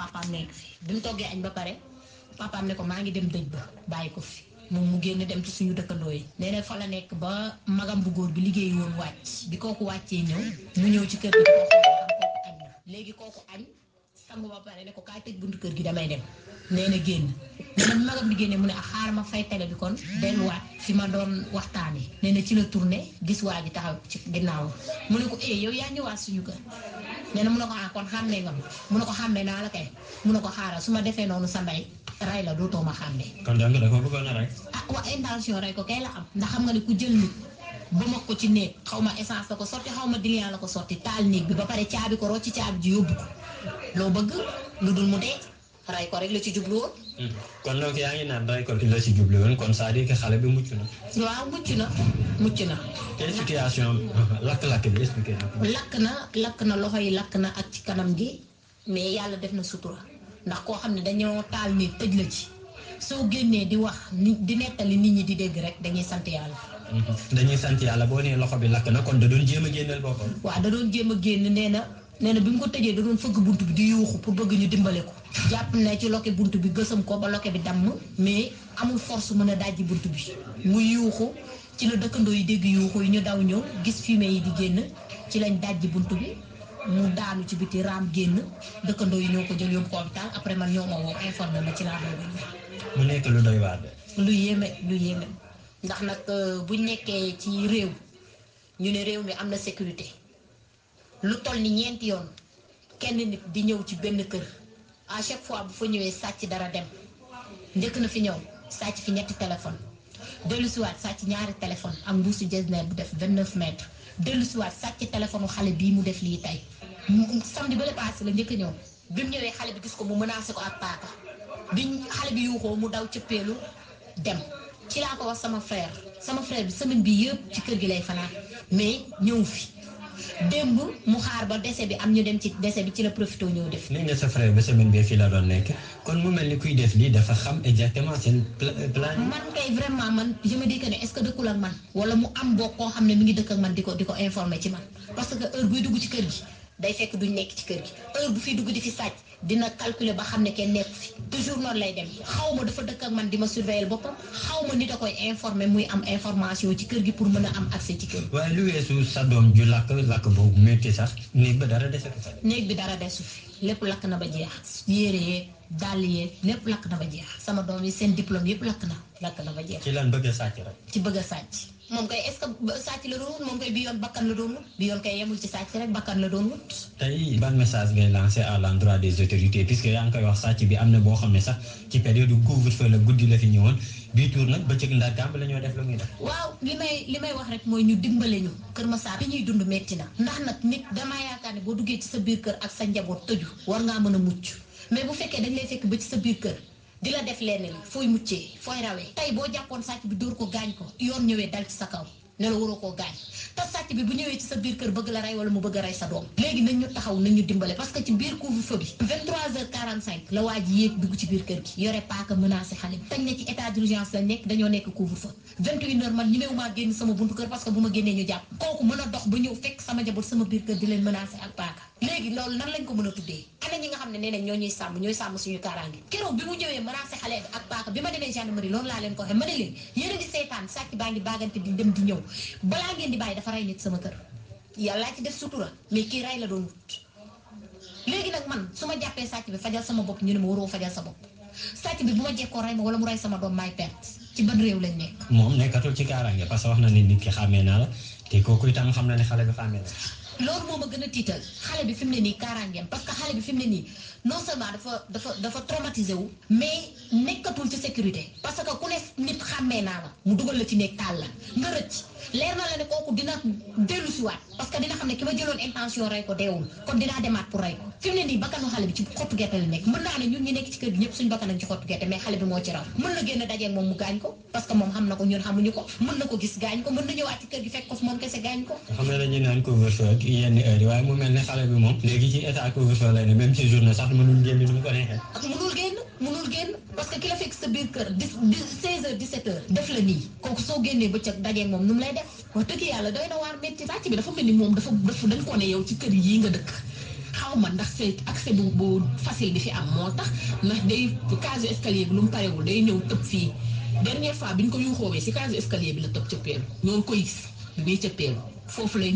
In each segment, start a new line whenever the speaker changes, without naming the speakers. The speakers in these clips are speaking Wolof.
papaam nekk fi bi ñu toggee añ ba pare papaam ne ko maa ngi dem dëj ba bàyyi ko fi moom mu génn dem ci suñu dëkkandoo yi. nee na fa la nekk ba magam bu góor bi liggéey woon wàcc bi kooku wàccee ñëw mu ñëw ci kër gi kooku léegi kooku añ xam nga ba pare ne ko kaay tëj buntu kër gi damay dem nee na génn magam di génne mu ne ah, xaar ma fay télé bi kon delluwaat fi ma doon waxtaanee nee ci la tourné gis waa taxaw ci ginnaaw mu ne ko eh yow yaa ñëwaat suñu kër nee mu ne ko ah kon xàmmee nga mu ne ko xàmmee naa la kay mu ne ko xaaral su sa mbay ray la ma ah wa intention ko kay la ndax xam nga ku jël nit ba ma ko ci néeg xaw ma essence la ko sotti xaw ma diluant la ko sotti taal néeg bi ba pare caabi ko ci caabi ji yóbbu ko loo bëgg lu dul mu dee ray ko rek la ci jublu woon.
Hmm. kon donc yaa ngi naa ray ko la ci woon kon c'est-à-dire xale bi mucc na.
waaw mucc na mucc na.
quelle situation lakk-lakk bi expliqué
lakk na lakk na loxo yi lakk na ak ci kanam gi mais yàlla def na sutura ndax koo xam ne dañoo taal néeg tëj la ci soo génnee di wax ni di nettali nit ñi di dégg rek dañuy sant yàlla.
dañuy sant yàlla boo nee loxo bi lakk na kon da doon jéem a génnal boppam
waaw da doon jéem a génn nee na nee na bi mu ko tëjee da doon fëgg bunt bi di yuuxu pour bëgg ñu dimbale ko jàpp ci loke bi gësam ko ba loke bi damm mais amul force mën a dajji bunt bi mu yuuxu ci la dëkkandoo yi dégg yuuxu yi ñu daw ñëw gis fumée yi di génn ci lañ dajji bunt bi mu daanu ci biti raam génn dëkkandoo yi ñoo ko jël yóbbu ko hôpital après man ñoo ma woo informé ma ci laa doon
mu nekk lu doy waar
lu yéeme lu yéeme ndax nag euh, buñ nekkee ci réew ñu ne réew mi am na sécurité lu toll ni ñeenti yoon kenn nit di ñëw ci benn kër à chaque fois bu fa ñëwee sàcc dara dem njëkk na fi ñëw sàcc fi ñetti téléphone dellusiwaat sàcc ñaari téléphone am mbuusu jesner bu def vingt neuf mètres dellusiwaat sàcc téléphone xale bii mu def lii tey samedi ba la passé la njëkk ñëw bi mu ñëwee xale bi gis ko mu menacé ko ak paaka bi xale bi yuuxoo mu daw cëppeelu dem ci laa ko wax sama frère sama frère bi semaine bi yëpp ci kër gi lay fanaan mais ñëw fi démb mu xaar ba décès bi am ñu dem ci décès bi ci la profité ñëw def nañ
ne sa frère ba semaine bi fi la doon nekk kon mu mel ni kuy def lii dafa xam exactement seen plan man
kay vraiment man je me dis que est ce que dëkkul ak man wala mu am bokk koo xam ne mi ngi dëkk ak man diko diko di informer ci man parce que heure buy dugg ci kër gi day fekk duñ nekk ci kër gi heure bu fi dugg di fi sàcc dina calculer ba xam ne kenn nekk fi toujours noonu lay dem xaw ma dafa dëkk ak man di ma surveiller boppam xaw ma ni da koy informer muy am information ci kër gi pour mën a am accès ci kër gi.
waaye lu weesu sa doom ju làkk làkk boobu métti sax néeg ba dara dese ko.
néeg bi dara desu fi lépp lakk na ba jeex yére yee dàll yee lépp lakk na ba jeex sama doom yi seen diplôme yëpp lakk na lakk na ba jeex.
ci lan bëgg a sàcc rek.
ci bëgg a sàcc. moom kay est-ce que sàcc la doon wut moom kay bi yoon bakkan la doon wut bi yoon kay yemul ci sàcc rek bakkan la doon wut.
tey ban message ngay lancer à l'endroit des autorités puisque yaa ngi koy wax sàcc bi am na boo xam ne sax ci période couvre-feu la guddi la fi ñëwoon bii tuur nag bëccëg ndax gàmb la ñoo def lu muy def.
waaw li may li may wax rek mooy ñu dimbale ñu Kër Massar bi ñuy dund metti na ndax nag nit damaa yaakaar ne boo duggee ci sa bii kër ak sa njaboot tëju war ngaa mën a mucc mais bu fekkee dañ lay fekk ba ci sa biir kër di la def lenn li fooy muccee fooy rawee tey boo jàppoon sàcc bi dóor ko gaañ ko yoon ñëwee dal ci sa kaw ne la waroo koo gaañ te sàcc bi bu ñëwee ci sa biir kër bëgg la rey wala mu bëgg a rey sa doom léegi nañ ñu taxaw nañ ñu dimbale parce que ci biir couvre-feu bi 23h45 la waa ji kër gi yore paaka menacé xale bi tañ ne ci état d'urgence lañ nekk dañoo nekk couvre-feu 21h man ñemewumaa génn sama buntu kër parce que bu ma génnee ñu jàpp kooku mën a dox ba ñëw fekk sama jaboot sama biir kër di leen menacé ak paaka léegi loolu nan lañ ko mën a ñi nga xam ne nee nañ ñoo ñuy sàmm ñooy sàmm suñu kaaraange keroog bi mu ñëwee menacé xale bi ak paaka bi ma demee gendarmerie loolu laa leen ko waxee ma ne leen yéen a ngi seetaan sàcc baa ngi baagante di dem di ñëw balaa ngeen di bàyyi dafa rey nit sama kër yàllaa ci def sutura mais kii rey la doon wut léegi nag man su ma jàppee bi fajal sama bopp ñu ne ma waroo fajal sa bopp sàcc bi bu ma jekkoo ma wala mu rey sama doom maay perte ci ban réew lañ nekk
moom nekkatul ci kaaraange parce que wax na ne nit ki xàmmee naa la te kooku itam xam na ne xale bi xàmmee na
loolu moom a gën a tiital xale bi fi mu ne nii kaaraangeem parce que xale bi fi ne nii non seulement dafa dafa dafa traumatisé wu. mais nekkatul ci sécurité. parce que ku ne nit xàmmee naa la mu dugal la ci nekk taal la nga rëcc. leer na la ne kooku dina dellusiwaat parce que dina xam ne ki ma jëloon intention rey ko deewul kon dinaa demaat pour rey ko fi mu ne nii bakkanu xale bi ci xottu na génn dajeeg moom mu gaañ ko parce que moom xam na ko ñun xamuñu ko mën na ko gis gaañ ko mën na ñëwaat ci kër gi fekk ko moom kese gaañ ko
xam ne dañuy naan couvre yenn heure waaye mu mel ne xale bi moom léegi ci état couvre-feu lay ne même ci journée sax mënul génn du ko
neexee mënul génn parce que ki la fekk sa biir kër di di 16 heures 17 heures def la nii kooku soo génnee bëccëg dajee moom nu mu lay def wax dëgg yàlla doy na waar métti sàcc bi dafa mel ni moom dafa dafa dañ ko ne yow ci kër yii nga dëkk xaw ma ndax c'est accès bu bu facile bi fi am moo tax ndax day case escalier bi lu mu parewul day ñëw tëb fii dernière fois bi ñu ko yuuxoowee si case escalier bi la tëb cëppeelu ñoo ngi ko gis bi muy cëppeelu foofu lay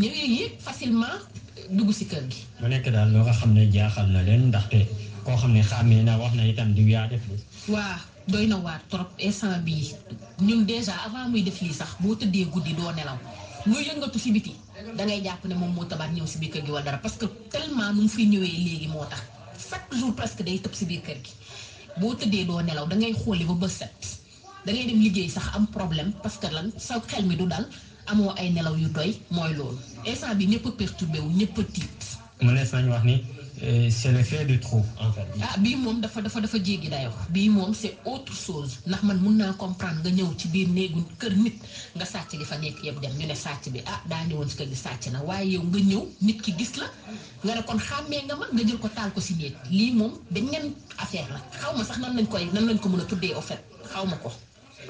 dugg si kër gi.
mu nekk daal loo nga xam ne jaaxal na leen ndaxte koo xam ne xàmmee na wax na itam di yaa def li.
waa doy na waar trop instant bii ñun dèjà avant muy def lii sax boo tëddee guddi doo nelaw muy yëngatu si biti da ngay jàpp ne moom moo tabaat ñëw si biir kër gi wala dara parce que tellement nu mu fi ñëwee léegi moo tax chaque jour presque day tëb si biir kër gi boo tëddee doo nelaw da ngay xooli ba bët set dangay dem liggéey sax am problème parce que lan sa xel du dal. amoo ay nelaw yu doy mooy loolu instant bi ñëpp a perturbé wu ñëpp a
ma mu ne sañ wax ni euh, c'est l'effet de trop en fait.
ah bii moom dafa dafa dafa jéggi wax bii moom c'est autre chose ndax man mun naa comprendre nga ñëw ci biir néegu kër nit nga sàcc li fa nekk yëpp dem ñu ne sàcc bi ah daa ñëwoon ci kër gi sàcc na waaye yow nga ñëw nit ki gis la nga ne kon xàmmee nga ma nga jël ko taal ko si néeg lii moom beneen affaire la xaw ma sax nan lañ koy nan lañ ko mën a tuddee au fait xaw ma ko.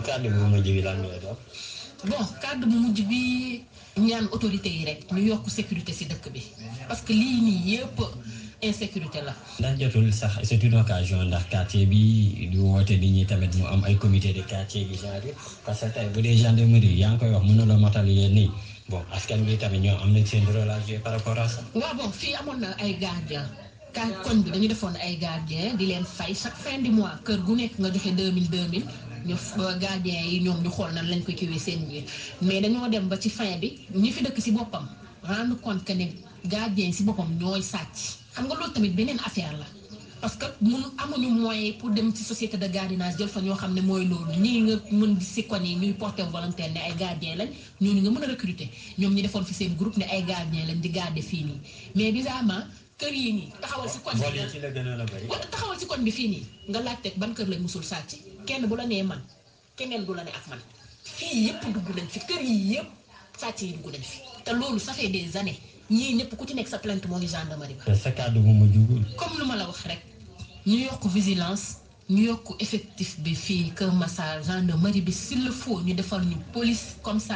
ma gi moom la
bon kàddu bu mujj bi ñaan autorité yi rek ñu yokk sécurité ci dëkk bi parce que lii nii yëpp insécurité la.
ndax jotul sax c'est une occasion ndax quartier bi di woote nit ñi tamit mu am ay comité de quartier bi genre parce que tey bu dee gendarmerie yaa ngi koy wax mën na la matal yéen nii bon askan bi tamit ñoo am nañ seen rôle à par rapport à ça.
waaw bon fii amoon na ay gardien ka koñ bi dañu defoon ay gardien di leen fay chaque fin du mois kër gu nekk nga joxe deux mille deux mille ñu euh, gardien yi ñoom ñu xool nan lañ ko kiwee seen biir mais dañoo dem ba ci fin bi ñi fi dëkk si boppam rendre compte que ne gardien si boppam ñooy sàcc xam nga loolu tamit beneen affaire la. parce que mun amuñu moyen pour dem ci société de gardiennage jël fa ñoo xam ne mooy loolu ñii nga mën si kon yi ñuy porté volontaire ne ay gardien lañ ñooñu nga mën a recruter ñoom ñu defoon fi seen groupe ne ay gardien lañ di garder fii nii mais bizarrement kër yi nii taxawal si koñ
bi wala
taxawal si koñ bi fii nii nga laajteeg ban kër lañ musul sàcc kenn bu la nee man keneen du la ne ak man fii yëpp dugg nañ fi kër yi yëpp sàcc yi dugg nañ fi te loolu ça fait des années ñii ñëpp ku ci nekk sa plant moo ngi gendarmerie
ba. sa kàddu moom ma jugul.
comme lu ma la wax rek ñu yokk vigilance ñu yokk effectif bi fii Kër Massar gendarmerie bi s'il le faut ñu defal ñu police comme ça.